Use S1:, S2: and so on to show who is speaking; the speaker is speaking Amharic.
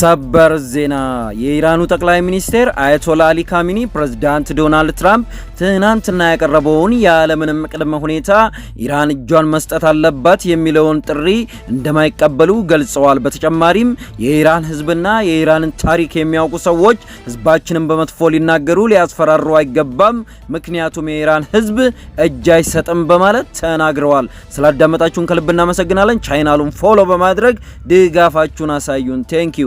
S1: ሰበር ዜና የኢራኑ ጠቅላይ ሚኒስቴር አያቶላ አሊ ካሚኒ ፕሬዝዳንት ዶናልድ ትራምፕ ትናንትና ያቀረበውን ያለምንም ቅድመ ሁኔታ ኢራን እጇን መስጠት አለባት የሚለውን ጥሪ እንደማይቀበሉ ገልጸዋል። በተጨማሪም የኢራን ሕዝብና የኢራንን ታሪክ የሚያውቁ ሰዎች ሕዝባችንን በመጥፎ ሊናገሩ፣ ሊያስፈራሩ አይገባም፣ ምክንያቱም የኢራን ሕዝብ እጅ አይሰጥም በማለት ተናግረዋል። ስላዳመጣችሁን ከልብ እናመሰግናለን። ቻይናሉን ፎሎ በማድረግ ድጋፋችሁን አሳዩን። ቴንኪዩ